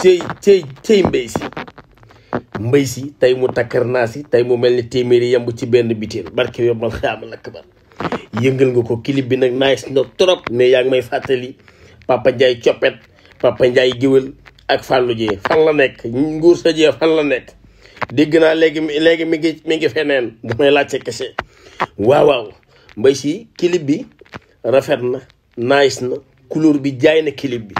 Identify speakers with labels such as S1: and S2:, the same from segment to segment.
S1: cey cey cey mbay si mbay si tey mu takkar naa si tey mu mel ni téeméeri yemb ci benn bitir barke yow man xaama lakk bar yëngal nga ko clip bi nag nice na trop mais yaa ngi may fàttali papa Ndiaye coppet papa Ndiaye géwél ak Fallou Dieng fan la nekk nguur sa jee fan la nekk dégg naa léegi léegi mi ngi mi ngi feneen damay laajte kese waaw waaw mbay si clip bi rafet na nice na couleur bi jaay na clip bi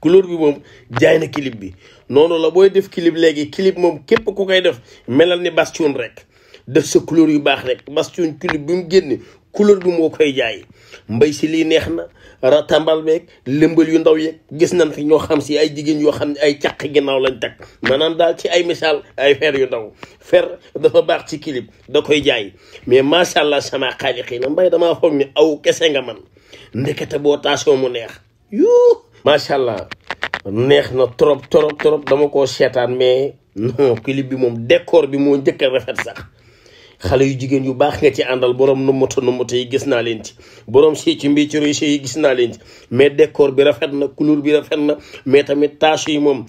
S1: couleur bi moom jaay na clip bi noonu la booy def clip léegi clip moom képp ku koy def melal ni bastion rek def sa couleur yu baax rek bastion clip bi mu génne couleur bi moo koy jaay mbay si lii neex na ratambal beeg lëmbal yu ndaw yeeg gis nañ ñoo xam si ay jigéen yoo xam ne ay càq ginnaaw lañ teg maanaam daal ci ay misaal ay fer yu ndaw fer dafa baax ci clip da koy jaay mais macha allah sama xaali mbay damaa foog ni aw kese nga man ndekete boo taasoo mu neex yuu macha allah neex na trop trop trop dama ko seetaan mais non clip bi moom décor bi moo njëkk rafet sax xale yu jigéen yu baax nga ci àndal borom nummata nummata yi gis naa leen ci borom si ci mbi ci yi gis naa leen ci mais décor bi rafet na couleur bi rafet na mais tamit tâche yi moom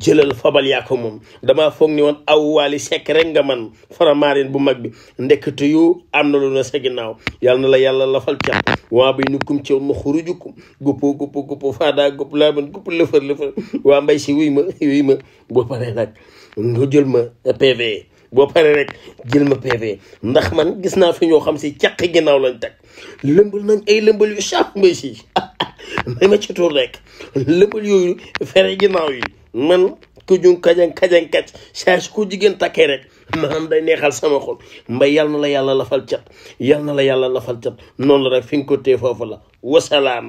S1: jëlal fabal yaa ko moom damaa foog ni woon aw waali sekk rek nga man faramaareen bu mag bi ndekkte yu am na lu na sa ginnaaw yàlla na la yàlla lafal cat waa bay nu kum ciw ma xurujukum guppo guppo guppo faadaa gupp laa man gupp lëfër lëfër waa mbay si wuy ma wuy ma boo jël ma PV boo paree rek jël ma PV ndax man gis naa fi ñoo xam si caq ginnaaw lañ teg lëmbal nañ ay lëmbal yu saaf mbay si may ma ci tuur rek lëbal yooyu fere ginnaaw yi man ku jun kajang kajang kac saa su jigéen takkee rek maanaam day neexal sama xol mbay yal na la yàlla lafal cat yal na la yàlla lafal cat noonu la rek fi nga ko tee foofu la wasalaam